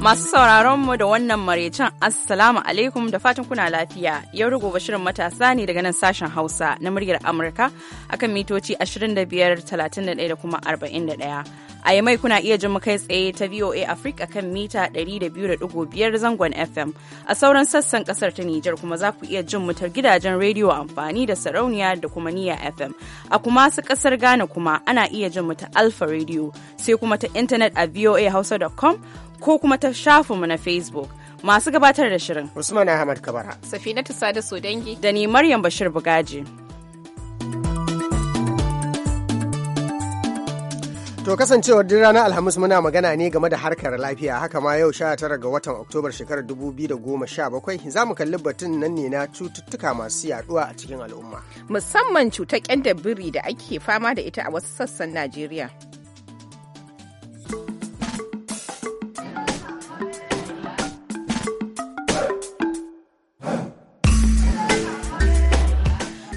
Masu sauraron mu da wannan maraicen Assalamu alaikum da fatan kuna lafiya. Yau rugoba shirin matasa ne daga nan sashen Hausa na muryar Amurka akan mitoci 25, a da kuma 41. A yamai kuna iya jin kai tsaye ta VOA Africa kan mita 200.5 zangon FM. A sauran sassan kasar ta Nijar kuma za ku iya jin mutar gidajen rediyo amfani da sarauniya da kuma niya FM. A kuma su kasar Ghana kuma ana iya jin mu ta Alfa rediyo sai kuma ta intanet a voahausa.com ko kuma ta shafinmu na Facebook. Masu gabatar da shirin. Usman Ahmad Kabara. Safinatu Sada Sodangi. Da ni Maryam Bashir Bugaji. To kasancewar duk ranar Alhamis muna magana ne game da harkar lafiya haka ma yau 19 ga watan Oktobar shekarar 2017 za mu kalli batun nan ne na cututtuka masu yaduwa a cikin al'umma. Musamman cutar kyan da ake fama da ita a wasu sassan Najeriya.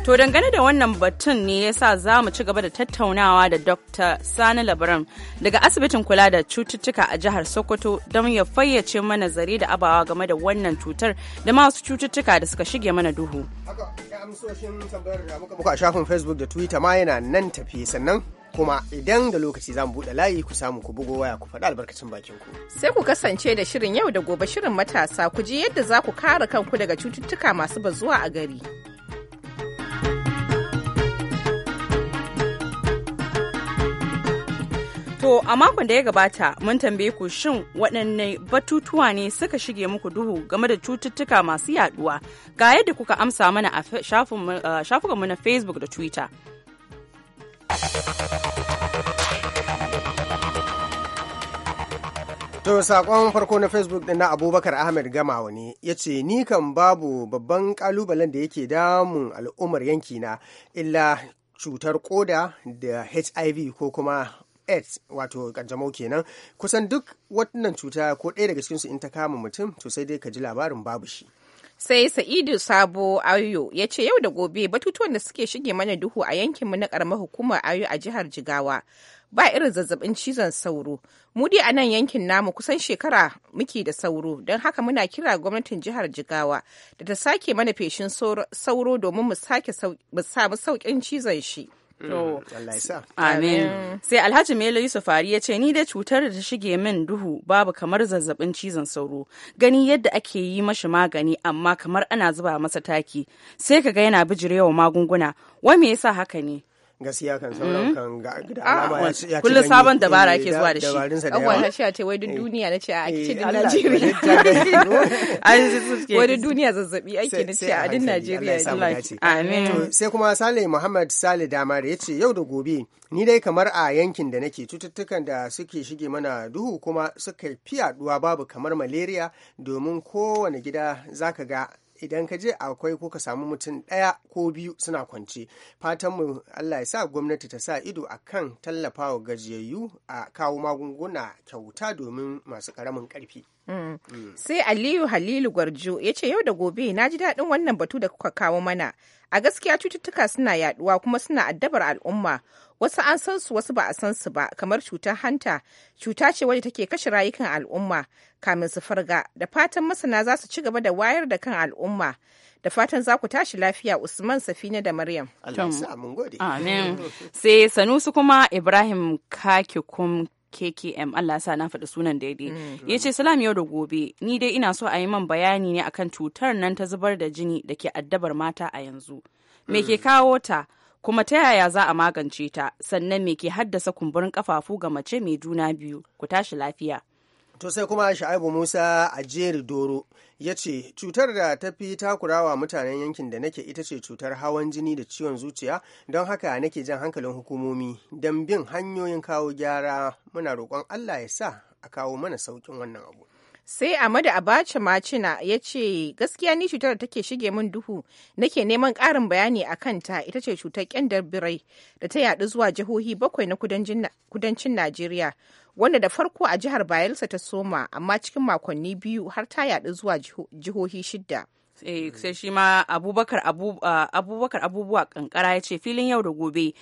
To dangane da wannan batun ne ya sa za mu ci gaba da tattaunawa da Dr. Sani labaran daga asibitin kula da cututtuka a jihar Sokoto don ya fayyace mana zare da abawa game da wannan cutar da masu cututtuka da suka shige mana duhu. Haka, shafin Facebook da Twitter ma yana nan tafi sannan kuma idan da lokaci za mu buɗe layi ku samu ku bugo waya ku faɗi albarkacin bakin ku. Sai ku kasance da shirin yau da gobe shirin matasa ku ji yadda za ku kare kanku daga cututtuka masu bazuwa a gari. To a makon da ya gabata mun tambaye ku shin waɗanne batutuwa ne suka shige muku duhu game da cututtuka masu yaduwa ga yadda kuka amsa mana a shafukanmu na Facebook da Twitter. To saƙon farko na Facebook ɗin na Abubakar Ahmed Gamawa ne ya ce ni kan babu babban ƙalubalen da yake damun al'ummar yankina illa cutar koda da HIV ko kuma aids wato kanjamau kenan kusan duk wannan cuta ko ɗaya daga cikinsu in ta kama mutum to sai dai ka ji labarin babu shi sai sa'idu sabo ayo ya ce yau da gobe batutuwan da suke shige mana duhu a yankinmu na karamar hukumar ayo a jihar jigawa ba irin zazzabin cizon sauro mu dai a nan yankin namu kusan shekara muke da sauro don haka muna kira gwamnatin jihar jigawa da ta sake mana feshin sauro domin mu sake mu sauƙin cizon shi Mm. Amin. Sai Alhaji Mele Yusuf Ari ya ce ni dai cutar da ta shige min duhu babu kamar zazzabin cizon sauro. Gani yadda ake yi mashi magani amma kamar ana zuba masa taki. Sai ka ga yana bijirewa magunguna. wa me yasa haka ne? gaskiya kan sauran mm-hmm. kan ga ah, alama ya ci kullum sabon dabara eh, ake zuwa da shi abubuwan ta shi a ce wai duk eh. duniya na ce a eh, ce din Najeriya wai duk duniya zazzabi ake na ce a din Najeriya amin sai kuma Sale Muhammad Sale damar ya ce yau da gobe ni dai kamar a yankin da nake cututtukan da suke shige mana duhu kuma suka fi yaduwa babu kamar malaria domin kowane gida zaka ga idan ka je akwai ko ka samu mutum ɗaya ko biyu suna kwance fatan mu Allah ya sa gwamnati ta sa ido a akan tallafawa gajiyayyu a kawo magunguna kyauta domin masu karamin karfi mm. mm. Sai Aliyu Halilu Gwarjo ya ce yau da gobe na ji daɗin wannan batu da kuka kawo mana. A gaskiya cututtuka suna yaduwa kuma suna addabar al'umma. wasu an san su wasu ba a san su ba kamar cutar hanta cuta ce wadda take kashe rayukan al'umma kamin su farga da fatan masana za su ci gaba da wayar da kan al'umma da fatan za ku tashi lafiya usman safina da maryam amin sai sanusu kuma ibrahim kakikum KKM Allah sa na faɗi sunan daidai. Mm-hmm. Ya ce salam yau da gobe ni dai ina so a yi man bayani ne akan cutar nan ta zubar da jini da ke addabar mata a yanzu. Me ke mm. kawo ta? kuma ta yaya za a magance ta sannan me ke haddasa kumburin kafafu ga mace mai juna biyu ku tashi lafiya to sai kuma sha'ibu musa a jeri doro ya ce cutar da ta fi takurawa mutanen yankin da nake ita ce cutar hawan jini da ciwon zuciya don haka nake jan hankalin hukumomi don bin hanyoyin kawo gyara muna roƙon allah ya sa a kawo mana sauƙin wannan abu sai amadu abacha macina ya ce gaskiya ni cutar da take shige min duhu nake neman karin bayani a kanta ita ce cutar kyandar birai da ta yaɗu zuwa jihohi bakwai na kudancin najeriya wanda da farko a jihar bayelsa ta soma amma cikin makonni biyu har ta yaɗu zuwa jihohi shidda eh, sai shi ma abubakar abubuwa kankara ya ce filin yau da gobe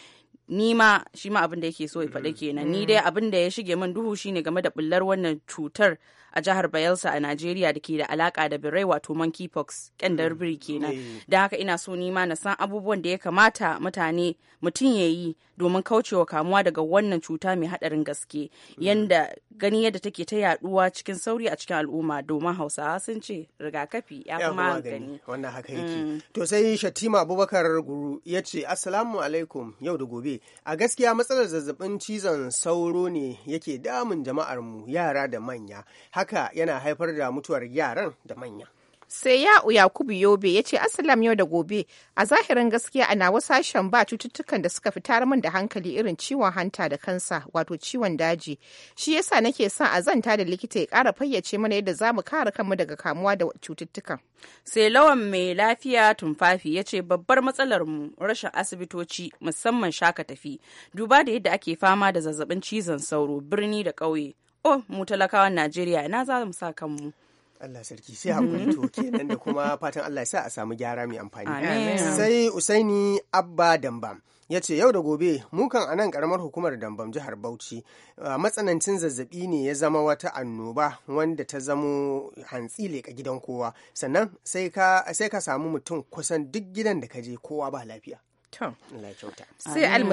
ni ma shi ma abin da yake so ya faɗa mm. kenan ni mm. dai abin da ya shige min duhu shine game da bullar wannan cutar a jihar Bayelsa a Najeriya da ke da alaka da birai wato monkeypox ƙyandar biri kenan. Mm. Da haka ina so nima na san abubuwan da ya kamata mutane mutum ya yi domin kaucewa kamuwa daga wannan cuta mai haɗarin gaske mm. yanda gani yadda take ta yaduwa cikin sauri a cikin al'umma domin hausawa sun ce rigakafi ya fi gani wannan haka yake mm. to sai shatima abubakar guru ya ce assalamu alaikum yau da gobe a gaskiya matsalar zazzabin cizon sauro ne yake damun jama'ar mu yara da manya haka yana haifar da mutuwar yaran da manya. sai ya yakubu yobe ya ce asalam yau da gobe a zahirin gaskiya ana wasu sashen ba cututtukan da suka fitar min da hankali irin ciwon hanta da kansa wato ciwon daji shi yasa nake son a zanta da likita ya kara fayyace mana yadda za mu kare kanmu daga kamuwa da cututtukan sai lawan mai lafiya tumfafi ya ce babbar matsalar mu rashin asibitoci musamman shaka tafi duba da yadda ake fama da zazzabin cizon sauro birni da ƙauye oh mu talakawan najeriya ina za mu sa kanmu Allah sarki sai hakuri to kenan da kuma fatan Allah ya sa a samu gyara mai amfani sai Usaini Abba Dambam ya ce yau da gobe mukan a nan karamar hukumar dambam jihar bauchi matsanancin zazzabi ne ya zama wata annoba wanda ta zamo hantsi leƙa gidan kowa sannan sai ka samu mutum kusan duk gidan da ka je kowa ba lafiya Sai al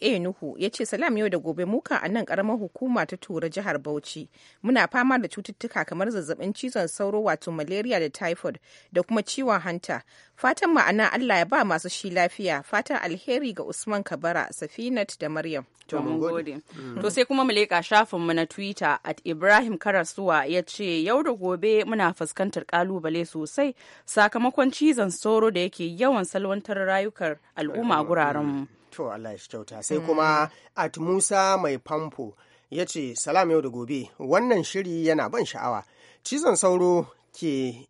A Nuhu ya ce salam yau da gobe muka a nan karamar hukuma ta tura jihar Bauchi. Muna fama da cututtuka kamar zazzabin cizon sauro wato malaria da typhoid da kuma ciwon hanta. Fatan ma'ana Allah ya ba masu shi lafiya. Fatan alheri ga Usman Kabara, Safinat da Maryam. To mun gode. Mm. To sai kuma mu leƙa shafinmu na Twitter at Ibrahim Karasuwa ya ce yau da gobe muna fuskantar kalubale sosai sakamakon cizon sauro da yake yawan salwantar rayukar al'umma. al'umma a guraren to Allah ya kyauta sai mm. kuma at Musa mai famfo ya ce salam yau da gobe wannan shiri yana ban sha'awa cizon sauro ke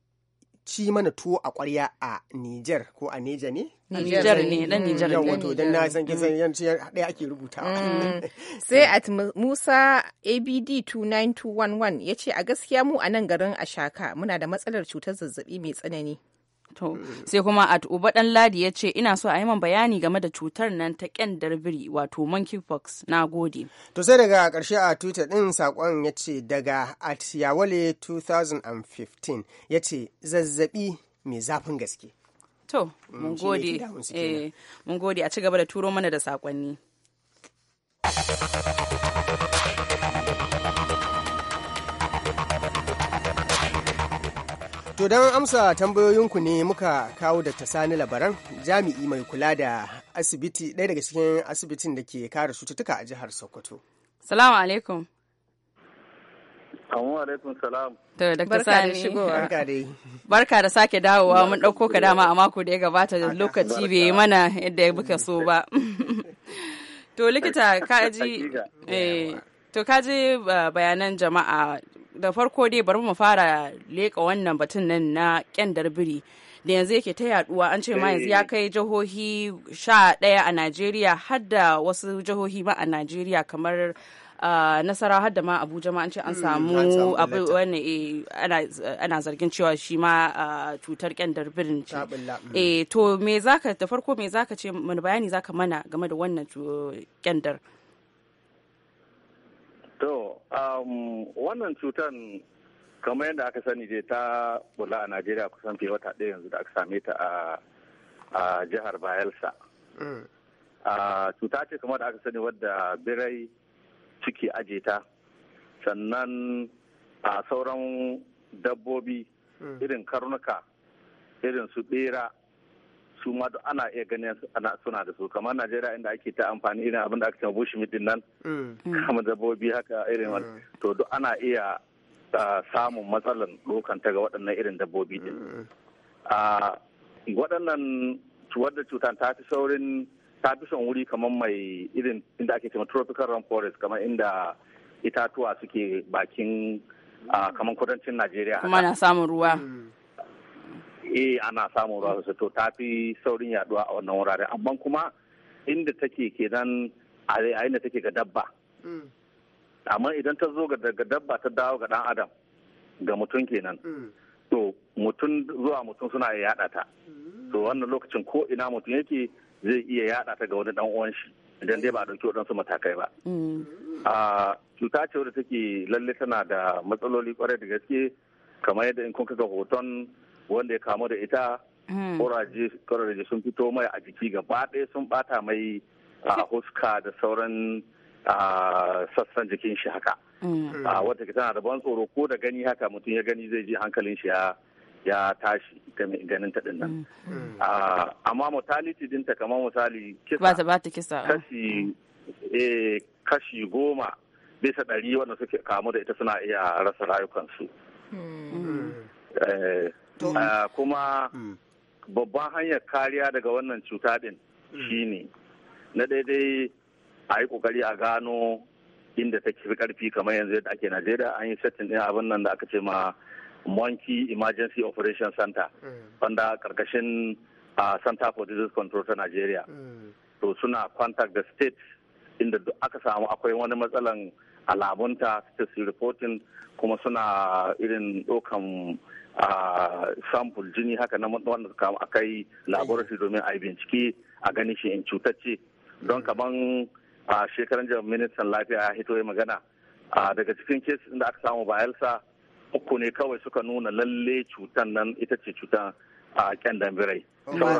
ci mana tuwo a kwarya a ni'jar ko a Niger ne? Niger ne, dan Niger ne. Wato dan na san kisan mm. yanci ɗaya ake rubuta. Mm. Sai at Musa ABD 29211 ya ce a gaskiya mu a nan garin Ashaka muna da matsalar cutar zazzabi mai tsanani. To, eh. sai kuma at uba dan ladi ya ce ina so a yi man bayani game da cutar nan ta kyandar biri wato monkeypox na gode. To sai daga karshe a Twitter din sakon ya ce daga at yawale 2015 ya ce zazzabi mai zafin gaske. To, mm, mun gode. Eh, mun gode a ci gaba da turo mana da sakonni. To don amsa tambayoyinku ne muka kawo da ta Sani Labaran jami'i mai kula da asibiti ɗaya daga cikin asibitin da ke kare cututtuka a jihar Sokoto. Salamu alaikum. Assalamu alaikum salam. To ta Sani shigowa. Barka Barka da sake dawowa mun ɗauko ka dama a mako da ya gabata da lokaci bai mana yadda buka so ba. To likita kaji eh, to kaji bayanan jama'a da farko dai bari mu fara leka wannan batun nan na kyandar biri da yanzu yake ta yaduwa an ce ma yanzu ya eh. kai jihohi sha ɗaya a najeriya har da wasu jihohi ma a najeriya kamar nasara har da ma abuja ma an ce an mm, samu abu wani eh, ana zargin cewa shi ma cutar kyandar birin ce mm. eh to me zaka da farko me zaka ce mana bayani zaka mana game da wannan kyandar To, um, wannan cutan kamar yadda aka sani dai ta bula a Najeriya kusan fiye wata ɗaya yanzu da aka same ta a, a jihar Bayelsa. Mm. Uh, cuta ce kamar da aka sani wadda birai ciki aje ta, sannan a sauran dabbobi mm. irin karnuka, irin su ɓera, su ma duk ana iya ganin ana suna da su kamar Najeriya inda ake ta amfani irin abin da aka ce bush meat din nan mm. kama dabbobi haka irin wani mm. to duk ana iya samun matsalan lokan ta ga waɗannan irin dabbobi din mm. waɗannan wadda cutan ta fi saurin ta fi son wuri kamar mai irin inda ake cewa tropical rainforest kamar inda itatuwa suke bakin kamar kudancin Najeriya. Kuma na samun ruwa. eh ana samun ruwa sosai to ta fi saurin yaduwa a wannan wurare amma kuma inda take kenan a inda take ga dabba mm. amma idan ta zo ga dabba ta dawo ga dan adam ga mutum kenan mm. to mutum zuwa mutum suna ya yada ta mm. to wannan lokacin ko ina mutum yake zai iya yada ta ga wani dan uwan shi idan dai ba a dauki waɗansu matakai ba a cuta ce wadda take lalle tana da matsaloli kwarai da gaske kamar yadda in kun kaga hoton wanda ya kamu da ita hmm. ƙwararraje sun fito mai a jiki gaba ɗaya sun bata mai a huska da sauran sassan jikin shi haka hmm. wata tana da ban tsoro ko da gani haka mutum ya gani zai ji hankalin shi ya ya tashi ganin ta dinnan. Hmm. Amma mortality dinta kamar misali kisa. Ba kisa. Ah. Eh, kashi goma bisa ɗari wanda suke kamu da ita suna iya rasa rayukansu. Eh, Ah, kuma mm. babban hanyar kariya daga wannan cuta din mm. shine na daidai a yi kokari a gano inda ta fi karfi kamar yanzu yadda ake najeriya an yi setting din abin nan da aka ce ma monkey emergency operation center mm. wanda karkashin ah, center for disease control ta najeriya to suna contact da state inda aka samu akwai wani matsalan alamunta state reporting kuma suna irin dokan a sample jini haka na wanda suka yi laboratory domin a yi bincike a gani shi in cutacce don kaman a shekaran jami'an ministan lafiya ya hito yi magana daga cikin case da aka samu ba yalsa uku ne kawai suka nuna lalle cutan nan ita ce cutan a kyan dambirai.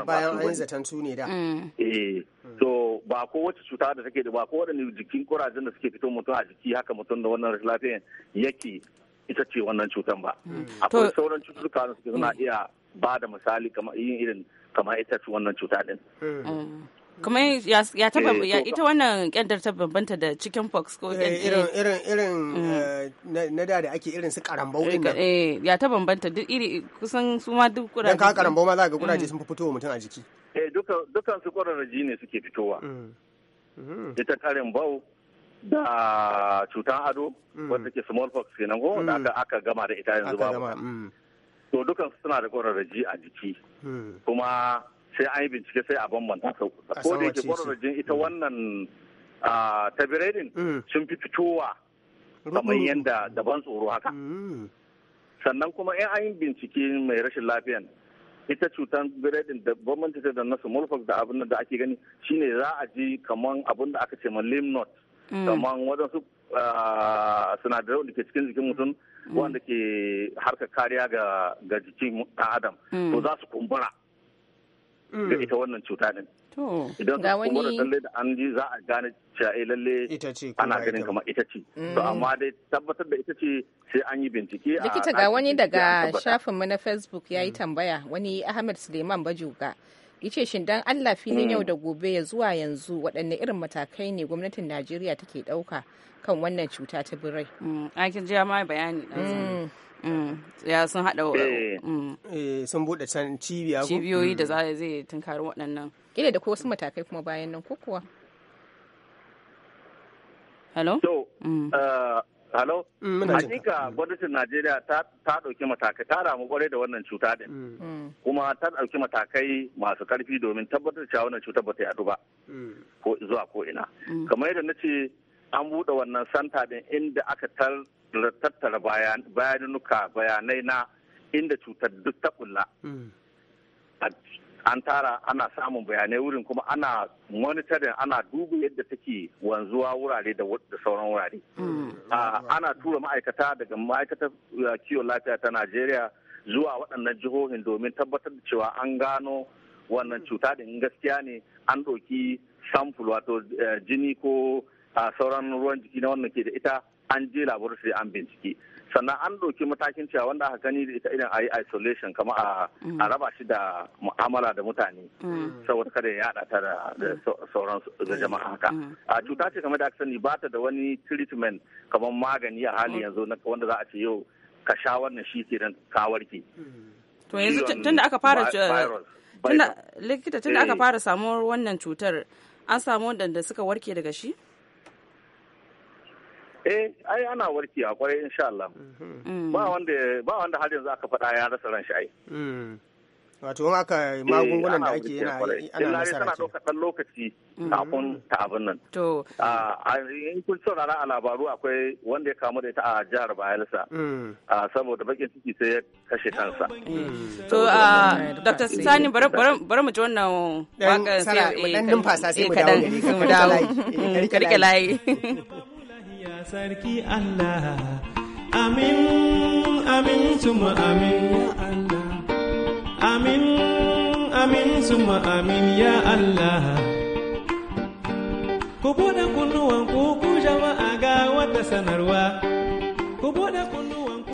bayan zaton su ne da. Mm. Eh, to ba ko wace cuta da take da ba ko waɗanne jikin kurajen da suke fito mutum a jiki haka mutum da wannan rashin lafiyan yake ita ce wannan cutan ba mm. Mm. akwai sauran cututtuka da suke suna mm. iya ba da misali kamar yin irin kamar ita ce wannan cuta din kuma ya taba ya eh, ita wannan kyandar ta bambanta da chicken pox ko eh, eh. irin irin irin na da da ake irin su karambau din nan eh ya ta bambanta duk iri kusan su ma duk kuraje dan ka karambau ma za ga kuraje sun fi fitowa mutum a jiki eh dukan dukan su kuraje ne suke fitowa ita karambau da cutan ado mm. wanda ke smallpox kenan ko mm. da aka gama da ita yanzu babu mm. to dukan suna da kwararraji a jiki kuma sai an yi bincike sai a bambanta ko da yake kwararrajin ita wannan ta biredin sun fi fitowa kamar yadda daban tsoro haka sannan kuma in an yi bincike mai rashin lafiyan ita cutar biredin da gwamnati ta da na smallpox da abin da ake gani shine za a ji kamar abin da aka ce ma lymph node Kaman mm. waɗansu ah, sinadarai da ke cikin jikin mutum mm. wanda ke harka kariya ga jikin ɗan adam mm. to za su kumbura ga ita wannan cuta ne idan ka kumbura lalle da an ji za a gane cewa eh lalle ana ganin kamar ita ce to amma dai tabbatar da ita ce sai an yi bincike a likita ga wani daga shafinmu na facebook ya yi tambaya wani ahmed suleiman bajuga yace shin dan Allah filin yau mm. da gobe ya zuwa yanzu waɗanne irin matakai ne gwamnatin Najeriya take ɗauka kan wannan cuta ta birai. Mm, Aikin jiya ma bayani. Mm. ya sun haɗa eh. Eh, sun buɗe can cibiya cibiyoyi da za zai tunkari waɗannan ƙila da ko wasu matakai kuma bayan nan ko kuwa hello uh, Halo? Mm, Hakika mm. gwamnatin Najeriya ta ɗauki matakai, ta ramu kwarai da wannan cuta din. Mm. Kuma ta ɗauki matakai masu ƙarfi domin tabbatar cewa wannan cutar ba ta yadu ba. zuwa ko ina. Kamar yadda na ce an buɗe wannan santa din inda aka tattara bayanuka bayanai na inda cutar duk ta kulla. an tara ana samun bayanai wurin kuma ana monitorin ana duba yadda take wanzuwa wurare da sauran wurare hmm. ana tura ma'aikata daga ma'aikatar uh, kiwon lafiya ta najeriya zuwa waɗannan jihohin domin tabbatar da cewa an gano wannan hmm. cuta da gaskiya ne an ɗauki samfur wato uh, jini ko uh, sauran ruwan jiki na wannan ke da ita an je laboratory an bincike sannan an ɗauki matakin cewa wanda aka gani da ita irin a yi isolation kama mm. a raba shi da mu'amala da mutane mm. saboda kada ya yada ta da sauran da mm. jama'a haka a cuta ce kamar da aka sani ba ta da wani treatment kamar magani a hali yanzu wanda za a ce yau ka sha wannan shi ke ka warke to yanzu tunda aka fara eh, likita tunda aka eh. fara samuwar wannan cutar an samu wanda suka warke daga shi eh ai ana a kwarai insha Allah mm-hmm. ba wanda ba wanda har yanzu aka faɗa ya rasa ran shi ai mm. wato in aka eh, magungunan da ake yana ana ke ɗauka ɗan lokaci mm-hmm. kafin ta abin nan to a ah, ah, in kun rana a labaru akwai wanda ya kamu da ita a jihar bayelsa mm. ah, saboda bakin ciki sai ya kashe kansa mm. to dr sani bari mu ji wannan wakar sai eh, eh, mu kadan numfasa sai mu dawo mu dawo ka layi Ya sarki Allah, amin, amin, suma amin, ya Allah. Amin, amin, suma amin, ya Allah. Ku buɗe kunnuwan ku jama'a ga wata sanarwa.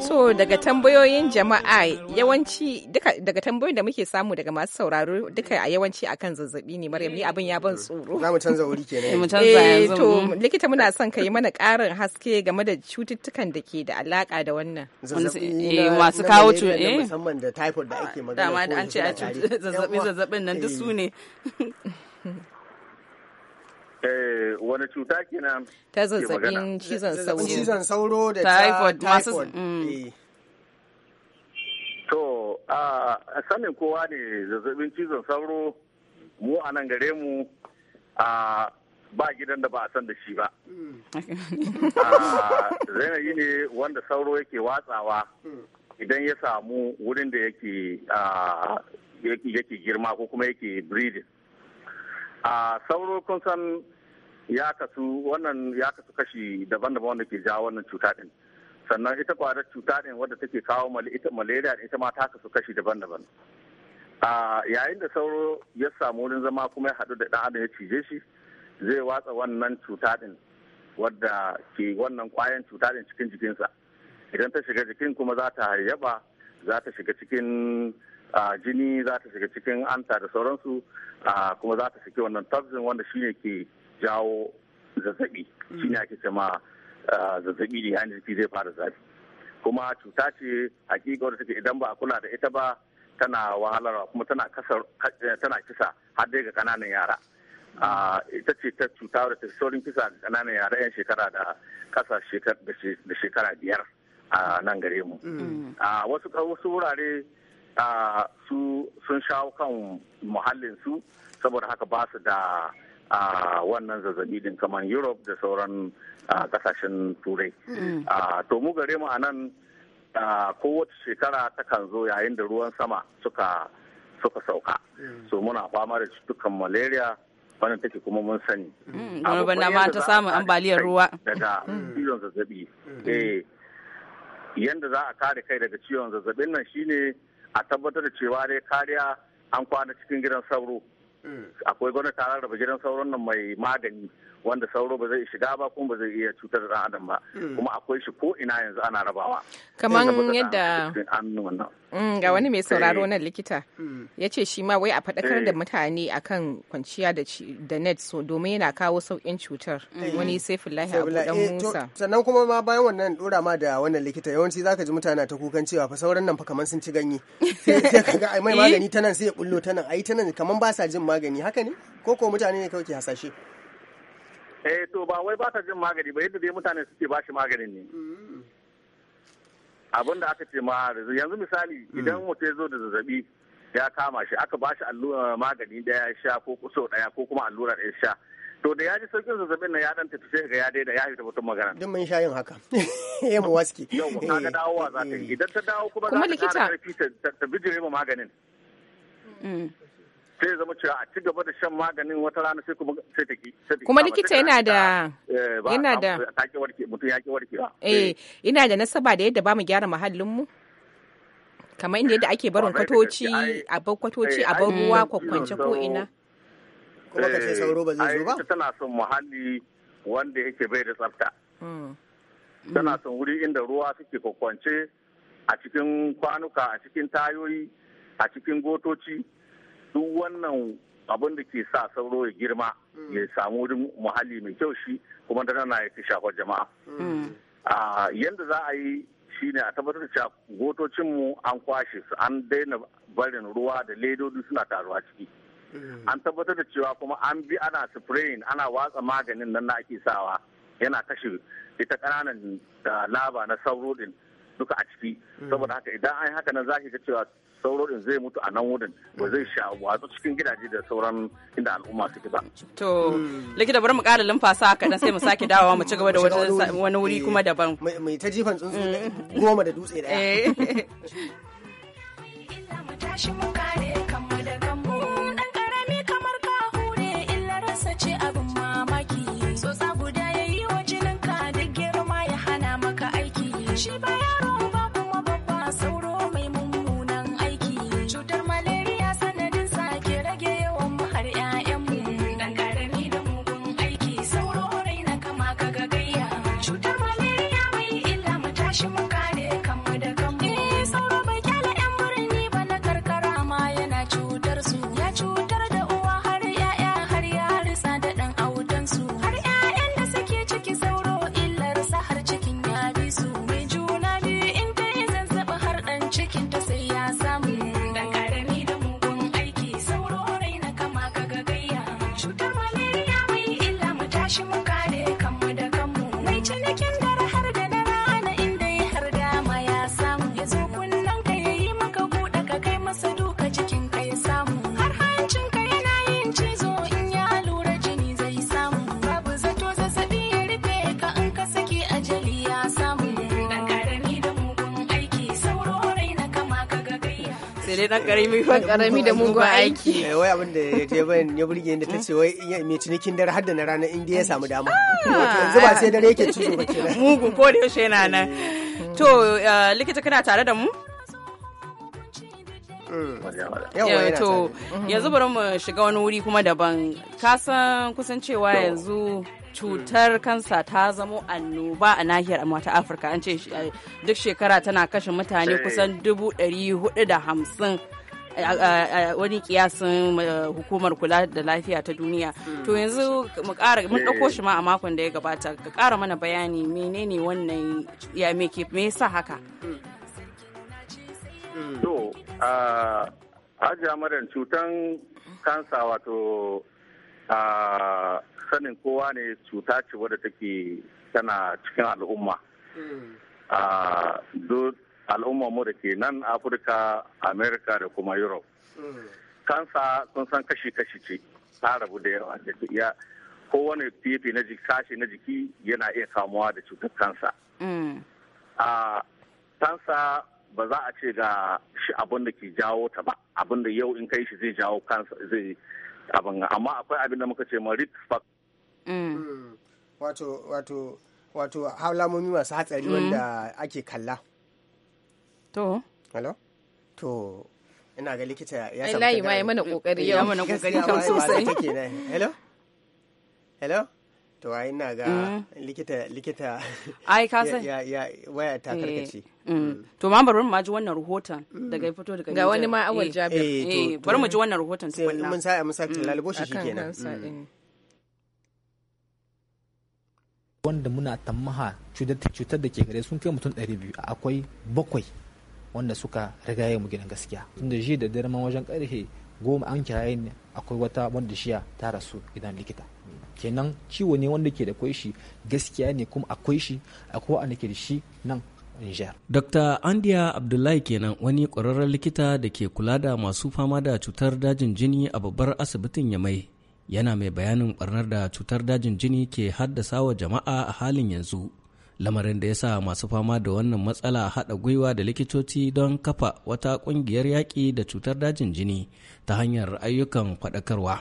So daga tambayoyin jama'a yawanci duka daga tambayoyin da muke samu daga masu sauraro duka a yawanci akan zazzabi ne Maryam ni abin ya ban tsoro. Za mu canza wuri kenan. Eh to likita muna son ka yi mana ƙarin haske game da cututtukan da ke da alaka da wannan. Eh masu kawo cuta eh musamman da typhoid da ake magana. Dama an ce a zazzabin zazzabin nan duk su eh. ne. Eh, wani cuta kenan ta zazzabin cizon sauro cizon sauro da typhoid masu mm. eh. to a sanin kowa ne zazzabin cizon sauro mu a nan gare mu a ba gidan da ba a san da shi ba mm. yi ne wanda sauro yake watsawa idan ya samu wurin da yake girma ko kuma yake breeding a sauro kun san ya kasu wannan ya kasu kashi daban-daban wanda ke jawo wannan cuta din sannan ita kwarar cuta din wadda take kawo malaria ita ma ta kasu kashi daban-daban a yayin da sauro ya samu wurin zama kuma ya haɗu da ɗan adam ya cije shi zai watsa wannan cuta din wadda ke wannan kwayan cuta din cikin jikinsa idan ta shiga jikin kuma za ta yaba za ta shiga cikin jini za ta shiga cikin anta da sauransu kuma za ta shiga wannan toxin wanda shi ne ke jawo zazzabi shi ne ake cema zazzabi ne yayin jiki zai fara zafi kuma cuta ce hakika wanda take idan ba a kula da ita ba tana wahalar kuma tana kisa har dai ga kananan yara ita ce ta cuta wadda ta saurin kisa ga kananan yara yan shekara da kasa da shekara biyar a nan gare mu mm. a wasu wurare su sun shawo kan muhallinsu saboda haka ba su da wannan zazzabi din kamar europe da sauran kasashen turai mm. to mu gare mu a nan kowace shekara ta kan zo yayin da ruwan sama suka suka sauka mm. so muna fama da cutukan malaria wannan take kuma mun sani mm. abubuwan na ma ta samu ambaliyar ruwa daga ciwon zazzabi eh yanda za a kare kai daga ciwon zazzabin nan shine a tabbatar da cewa dai kariya an kwana cikin gidan sauro mm. akwai gwamnati ta rarraba gidan sauron nan mai magani wanda sauro ba zai shiga ba kuma ba zai iya cutar da adam ba hmm. kuma akwai shi ko ina yanzu ana rabawa kamar yadda hmm, ga wani mai sauraro eh. nan likita hmm. ya ce shi ma wai a faɗakar da eh. mutane akan kwanciya da net so domin yana kawo sauƙin cutar wani sai filahi abu dan eh, musa sannan kuma ma bayan wannan dora ma da wannan likita yawanci zaka ji mutane ta kukan cewa fa sauran nan fa kamar sun ci ganye sai kaga ai mai magani ta nan sai ya bullo ta nan ai ta nan kamar ba sa jin magani haka ne ko ko mutane ne kawai ke hasashe eh to ba wai ba ta jin magani ba yadda dai mutane suke ba shi magani ne abin da aka ce ma yanzu misali mm. idan mutum ya zo da zazzabi ya kama shi aka ba shi magani da ya sha ko kuso daya ko kuma allura da ya sha to da ya ji sauƙin zazzabin nan ya dan tafi sai ga ya daida ya fita mutum magana duk mun sha yin haka eh mu waski yau ka ga eh. dawowa za ta idan ta dawo kuma za ta ƙara ƙarfi ta bijire ma maganin mm. sai zama cewa a ci gaba da shan maganin wata rana sai kuma sai ta kuma likita yana da eh, yana da mutum ya ki warkewa eh ina da nasaba da yadda bamu gyara muhallin mu kamar inda yadda ake barin kwatoci eh, a bar kwatoci eh, a bar ruwa kwakwance mm, ko ina kuma ka ce sauro ba zai zo ba tana son muhalli wanda yake bai da tsafta mm. tana son wuri inda ruwa suke kwakwance a cikin kwanuka a cikin tayoyi a cikin gotoci duk wannan abin da ke sa sauro ya girma mm. ya samu wurin muhalli mai kyau shi kuma da na ya shafar jama'a mm. yadda za a yi shi ne a tabbatar da gotocinmu an kwashe su an daina barin ruwa da ledodi suna taruwa ciki mm. an tabbatar da cewa kuma an bi ana spraying ana watsa maganin nan na ake sawa yana kashe ita ƙananan laba na sauro din duka a ciki saboda haka idan an haka nan zaki ga cewa sauro din zai mutu a nan wurin ba zai sha watsu cikin gidaje da sauran inda al'umma suke ba. To likita bari mu ƙara lumfasa haka dan sai mu sake dawowa mu ci gaba da wani wuri kuma daban. Eh, mai ta jifan tsuntsu goma da dutse daya. da ɗan ƙarami kamar rasa ce abin mamaki guda ya ya hana maka aiki dai na karimi fa karimi da mugun aiki wai abin da ya bayan ya burge ta tace wai mai cinikin dare har da na rana in ya samu dama ah. yanzu ba sai dare yake cizo ba kenan mugun ko da yaushe na nan to eh, likita kana tare da mu mm. to yanzu bari mu shiga wani wuri kuma daban kasan kusancewa yanzu cutar kansa ta zamo annoba a nahiyar amma ta afirka an ce eh, duk shekara tana kashe mutane kusan dubu ɗari hudu da hamsin wani kiyasin eh, hukumar kula da lafiya ta duniya hmm. to yanzu mun ɗauko eh. shi ma a makon da ya gabata ka ƙara mana bayani menene wannan ya me yasa haka hmm. to a cutan kansa wato sanin kowa ne cuta ce wadda take tana cikin al'umma hmm. ah, duk al'umma mu da ke nan afirka america da kuma europe hmm. kansa sun san kashi-kashi ce ta rabu da yawa da ya kowane fifi na jiki sashi na jiki yana iya kamuwa da cutar kansa hmm. ah, kansa ba za a ce ga shi abin da ke jawo ta ba abin da yau in kai shi zai jawo kansa zai abin amma akwai abin da muka ce ma risk factor Mm. Mm. wato wato wato halamomi masu hatsari mm. wanda ake kalla to hello to ina ga likita ya samu layi ma ya mana kokari ya mana kokari kan sosai hello hello to ai ina ga likita likita ai ka san ya ya waya ta eh. karkace to ma bari mu ji wannan rahoton daga fito daga ga wani ma awal eh. jabir eh, bari mu ji wannan rahoton tukunna mun sa mun sa lalibo shi kenan wanda muna tammaha cutar da ke gare sun kai mutum 200 akwai bakwai wanda suka rigaye mu gidan gaskiya tunda shi da dare wajen karfe goma an kira ne akwai wata wanda shiya ta rasu gidan likita kenan ciwo ne wanda ke da kwai shi gaskiya ne kuma akwai shi akwai wanda ke da shi nan Niger. Dr. Andiya Abdullahi kenan wani ƙwararren likita da ke kula da masu fama da cutar dajin jini a babbar asibitin Yamai. yana mai bayanin barnar da cutar dajin jini ke haddasa wa jama'a a halin yanzu lamarin da ya sa masu fama da wannan matsala haɗa gwiwa da likitoci don kafa wata ƙungiyar yaƙi da cutar dajin jini ta hanyar ayyukan faɗakarwa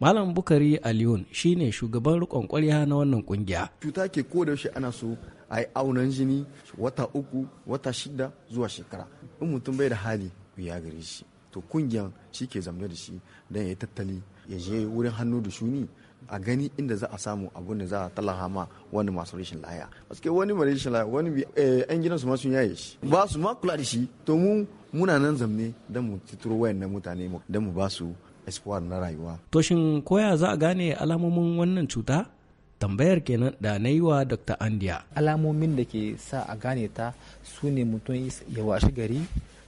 malam bukari a aliyun shine shugaban riƙon ƙwarya na wannan ƙungiya cuta ke ko da shi ana so a yi aunan jini wata uku wata shida zuwa shekara in mutum bai da hali ya gare shi to kungiyan shi ke zamne da shi don ya yi tattali ya je wurin hannu da shuni a gani inda za a samu abun da za a ma wani masu rashin laya paske wani mai rashin laya wani yan eh, su ma sun yaye shi ba su ma kula da shi to mu muna nan zamne don mu titiro wayannan mutane don mu ba su espoir na rayuwa to shin koya za a gane alamomin wannan cuta tambayar kenan da na yi wa dr andiya alamomin da ke sa a gane ta su ne mutum ya washi gari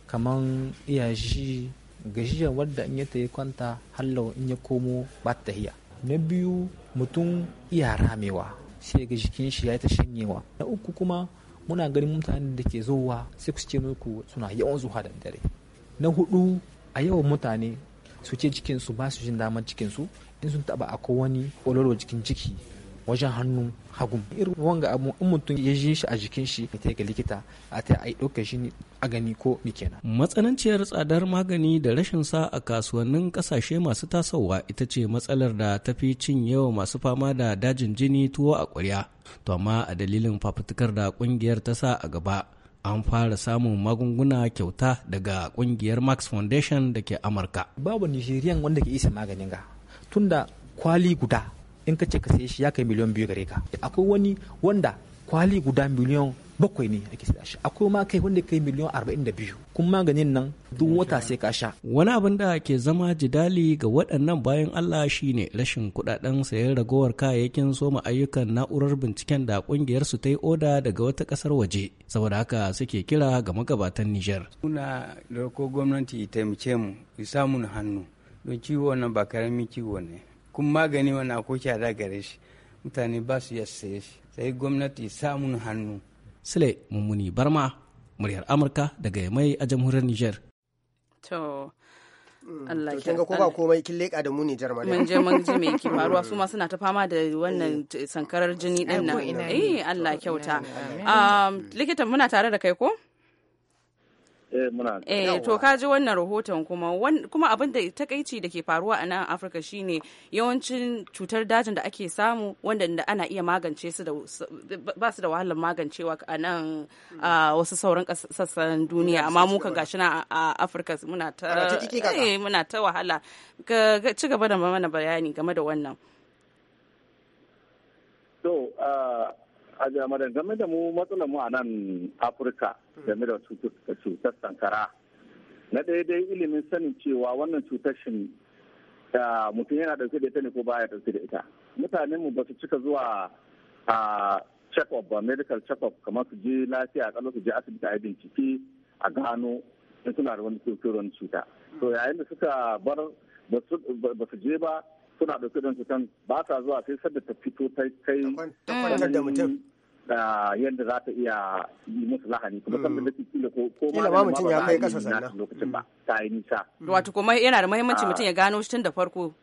kamar iyashi gajiya wadda in ya ta kwanta hallo in ya komo ba ta tahiya na biyu mutum iya ramewa sai ga jikin shi ya ta shanyewa na uku kuma muna ganin mutane da ke zowa sai ku ce muku suna yawan zuwa da dare na hudu a yawan mutane su ce jikinsu ba su jin damar cikinsu in sun taba akwai wani kololo cikin ciki wajen hannu hagu. irin wanga abu in mutum ya ji shi a jikin shi ya ga likita a ta a ɗauka shi a gani ko mi kenan matsananciyar tsadar magani da rashin sa a kasuwannin kasashe masu tasowa ita ce matsalar da ta fi cin yawa masu fama da dajin jini tuwo a ƙwarya to amma a dalilin fafutukar da ƙungiyar ta sa a gaba an fara samun magunguna kyauta daga ƙungiyar max foundation da ke amurka babu nigerian wanda ke isa maganin ga tunda kwali guda in ka ce ka sai shi ya kai miliyan biyu gare ka akwai wani wanda kwali guda miliyan bakwai ne ake sa shi akwai ma kai wanda kai miliyan arba'in da biyu kun maganin nan duk wata sai ka sha wani abin da ke zama jidali ga waɗannan bayan Allah shine rashin kuɗaɗen sayan ragowar kayayyakin soma ayyukan na'urar binciken da ƙungiyar su ta yi oda daga wata ƙasar waje saboda haka suke kira ga magabatan Nijar muna da ko gwamnati taimake mu samu hannu don ciwo nan ba karamin ciwo ne kun magani wani akwai kyada gare shi mutane ba su iya saye shi sai gwamnati samun hannu. Sile Mummuni Barma, muryar Amurka daga mai a jamhuriyar Niger. To, mm, Allah ke ko ba komai kin leka da mu Nijar ma. Mun je mun ji me ke faruwa su ma suna ta fama da wannan eh. sankarar jini din nan. Eh, Allah kyauta. Um, likitan muna tare da kai ko? Eh, eh, to ka ji wannan rahoton kuma kuma abin da takaici da ke faruwa a nan Afirka shine yawancin cutar dajin da ake samu wanda ana iya magance su da ba su da wahalar magancewa a nan wasu sauran sassan duniya amma muka gashi na a Afirka muna ta eh, wahala ga ci gaba da mana bayani game da wannan. To ah, Hajiya game da mu matsalar mu a nan Afirka game da cutar sankara. Na daidai ilimin sanin cewa wannan cutar shi mutum yana ɗauke da ita ne ko baya ɗauke da ita. Mutanen mu ba su cika zuwa a check-up ba medical check-up kamar su je lafiya a su je asibiti a bincike a gano in suna da wani cutar cuta. To yayin da suka bar ba su je ba suna da kudin su ba ta zuwa sai sadda ta fito ta kai yadda za ta iya yi musu lahani kuma san da mm. take kila ko ko ma ba mutum ya kai kasa sannan lokacin ba mm. ta yi nisa wato kuma yana da muhimmanci ah. mutum ya gano shi tun da farko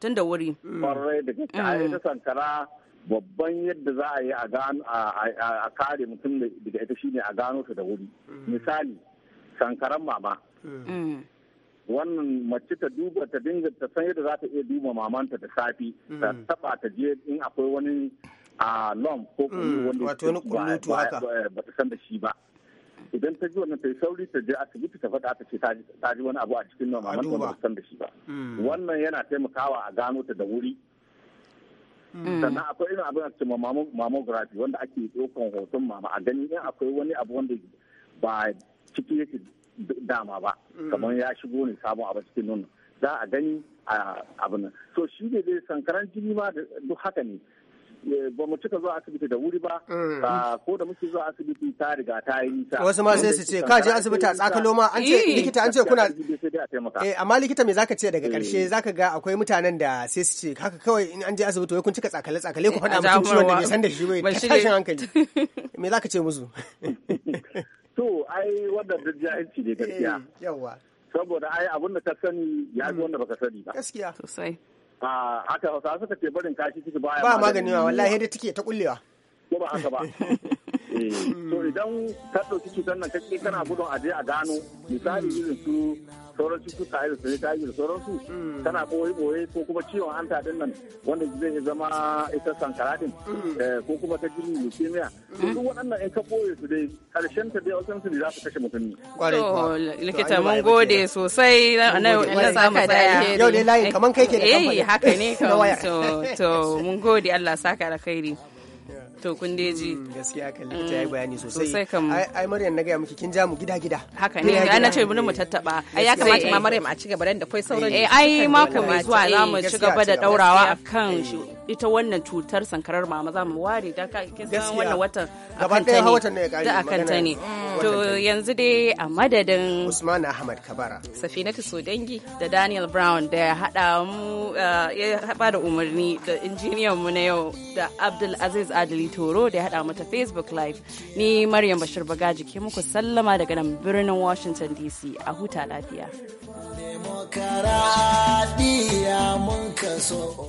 tun da wuri mm. kwarai da gaske a sankara babban yadda za a yi a gano a kare mutum daga ita shine a gano ta da wuri misali sankaran mama wannan mace ta duba ta dinga ta san yadda za ta iya duba mamanta da safi ta taba ta je in akwai wani a lom ko mm, kuma wanda ba ta san da shi ba idan ta ji wannan ta yi sauri ta je asibiti ta faɗa ta ce ta ji wani abu a cikin nan mamanta ba ta san da shi ba mm. wannan yana taimakawa a gano ta da wuri mm. sannan akwai irin abin a cikin mammography wanda ake ɗaukan hoton mama a gani in akwai wani abu wanda ba ciki yake dama ba kamar ya shigo ne sabon abu cikin nono za a gani a abin so shi ne dai sankaran jini ma duk haka ne Eh, ba mu cika zuwa asibiti da wuri ba eh. ah, ko da muke zuwa asibiti ta riga ta yi nisa wasu ma sai su ce ka je asibiti a tsakalo ma an ce eh. likita an ce kuna eh amma likita me zaka ce daga karshe zaka ga akwai mutanen da sai su ce haka kawai in an je asibiti wai kun cika tsakale tsakale ku faɗa mutum ciwon da bai san da shi bai tashin hankali me zaka ce musu to ai wannan jahilci ne gaskiya yawa saboda ai abin da ka sani ya ji mm. wanda baka sani ba gaskiya sosai aka hausa suka ce barin kashi ciki baya ba magani ba wallahi da take ta kullewa ko ba haka ba Eh, to idan ka ɗauki cutar nan kake kana gudun aje a gano misali mm. irin su sauran cututtuka irin su ta sauran sauransu mm. tana ɓoye ɓoye ko kuma ciwon hanta din nan wanda zai zama ita sankara din mm. eh, ko kuma ta jini leukemia duk waɗannan in ka ɓoye su dai karshen ta dai wasu su za su kashe mutum ne likita mun gode sosai na samu tsaya yau dai layin kaman kai ke da kamfani eh haka ne to to mun gode Allah saka da to kun dai ji mm, gaskiya kan likita yayi mm, bayani sosai ai Maryam na ga miki kin ja mu gida gida haka ne na ce mu tattaba ai ya kamata ma Maryam a ci gaba da kai sauran eh, eh ai mako mai zuwa za mu ci gaba da daurawa eh, akan ita wannan cutar sankarar mama za mu ware da kisan wannan watan da akan ne to yanzu dai a madadin Usman Ahmad Kabara Safinatu Sodangi da Daniel Brown da ya hada mu eh, ya haba da umarni da injiniyan mu na yau da Abdul Aziz adali Toro da ya hada mu ta Facebook Live ni Maryam Bashir Bagaji ke muku sallama daga nan birnin Washington DC a huta lafiya.